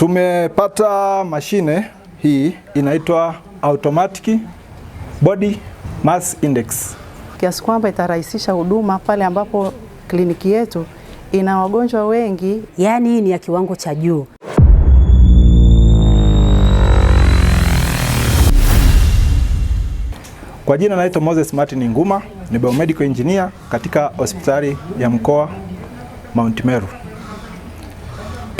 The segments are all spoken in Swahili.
Tumepata mashine hii inaitwa automatic body mass index, kiasi kwamba itarahisisha huduma pale ambapo kliniki yetu ina wagonjwa wengi, yaani hii ni ya kiwango cha juu. Kwa jina naitwa Moses Martin Nguma, ni biomedical engineer katika hospitali ya mkoa Mount Meru.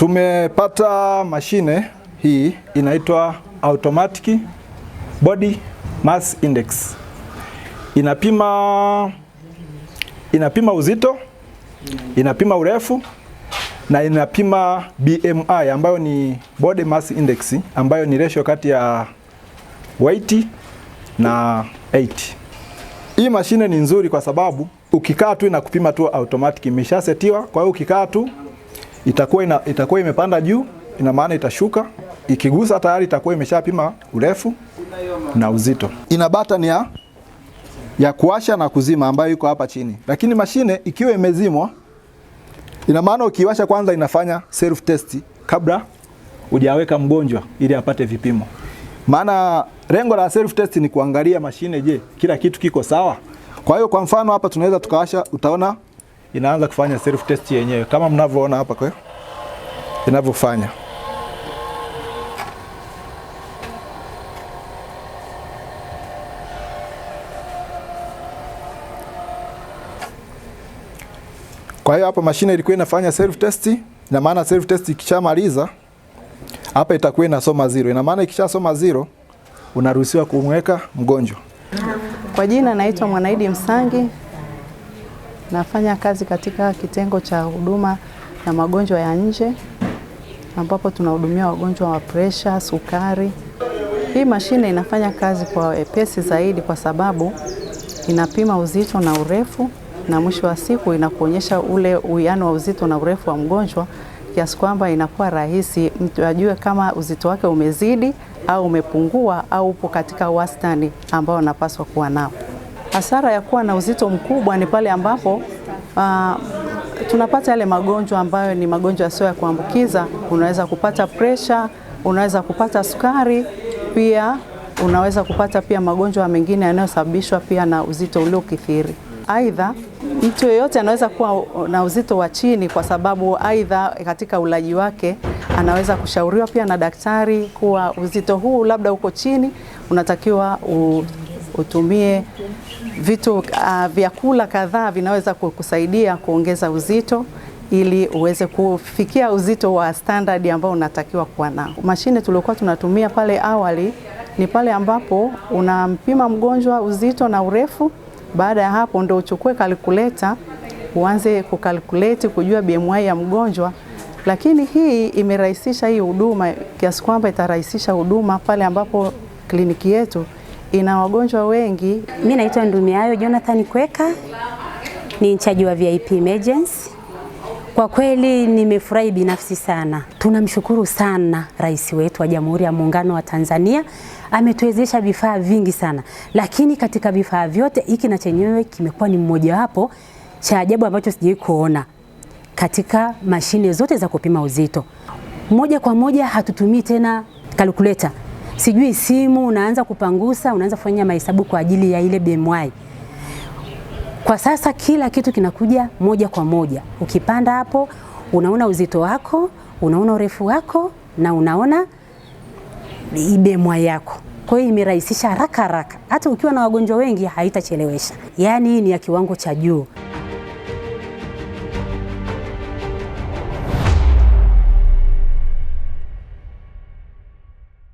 Tumepata mashine hii inaitwa automatic body mass index. Inapima inapima uzito, inapima urefu na inapima BMI ambayo ni body mass index ambayo ni ratio kati ya weight na 8. Hii mashine ni nzuri kwa sababu ukikaa tu inakupima tu automatic, imeshasetiwa. Kwa hiyo ukikaa tu itakuwa ina, itakuwa imepanda juu, ina maana itashuka. Ikigusa tayari itakuwa imeshapima urefu na uzito. Ina button ya ya kuwasha na kuzima ambayo iko hapa chini, lakini mashine ikiwa imezimwa, ina maana ukiwasha kwanza inafanya self test kabla hujaweka mgonjwa ili apate vipimo, maana lengo la self test ni kuangalia mashine, je, kila kitu kiko sawa. Kwa hiyo kwa mfano hapa tunaweza tukawasha, utaona inaanza kufanya self test yenyewe kama mnavyoona hapa kwa inavyofanya. Kwa hiyo hapa mashine ilikuwa inafanya self test, ina maana self test ikishamaliza hapa itakuwa inasoma zero. Ina maana ikishasoma zero unaruhusiwa kumweka mgonjwa. Kwa jina naitwa Mwanaidi Msangi. Nafanya kazi katika kitengo cha huduma na magonjwa ya nje ambapo tunahudumia wagonjwa wa presha, sukari. Hii mashine inafanya kazi kwa wepesi zaidi kwa sababu inapima uzito na urefu na mwisho wa siku inakuonyesha ule uwiano wa uzito na urefu wa mgonjwa kiasi kwamba inakuwa rahisi mtu ajue kama uzito wake umezidi au umepungua au upo katika wastani ambao anapaswa kuwa nao. Hasara ya kuwa na uzito mkubwa ni pale ambapo uh, tunapata yale magonjwa ambayo ni magonjwa yasiyo ya kuambukiza. Unaweza kupata presha, unaweza kupata sukari, pia unaweza kupata pia magonjwa mengine yanayosababishwa pia na uzito uliokithiri. Aidha, mtu yeyote anaweza kuwa na uzito wa chini kwa sababu aidha katika ulaji wake anaweza kushauriwa pia na daktari kuwa uzito huu labda uko chini, unatakiwa u utumie vitu uh, vyakula kadhaa vinaweza kukusaidia kuongeza uzito ili uweze kufikia uzito wa standard ambao unatakiwa kuwa nao. Mashine tuliokuwa tunatumia pale awali ni pale ambapo unampima mgonjwa uzito na urefu. Baada ya hapo ndo uchukue kalkuleta uanze kukalkuleti kujua BMI ya mgonjwa, lakini hii imerahisisha hii huduma kiasi kwamba itarahisisha huduma pale ambapo kliniki yetu ina wagonjwa wengi. Mimi naitwa Ndumiayo Jonathan Kweka, ni mchaji wa VIP Emergency. Kwa kweli nimefurahi binafsi sana. Tunamshukuru sana rais wetu wa Jamhuri ya Muungano wa Tanzania, ametuwezesha vifaa vingi sana, lakini katika vifaa vyote hiki na chenyewe kimekuwa ni mmojawapo cha ajabu ambacho sijawahi kuona katika mashine zote za kupima uzito. Moja kwa moja hatutumii tena kalkuleta sijui simu, unaanza kupangusa, unaanza kufanya mahesabu kwa ajili ya ile BMI. Kwa sasa kila kitu kinakuja moja kwa moja. Ukipanda hapo, unaona uzito wako, unaona urefu wako na unaona BMI yako. Kwa hiyo imerahisisha haraka haraka, hata ukiwa na wagonjwa wengi haitachelewesha. Yaani hii ni ya kiwango cha juu.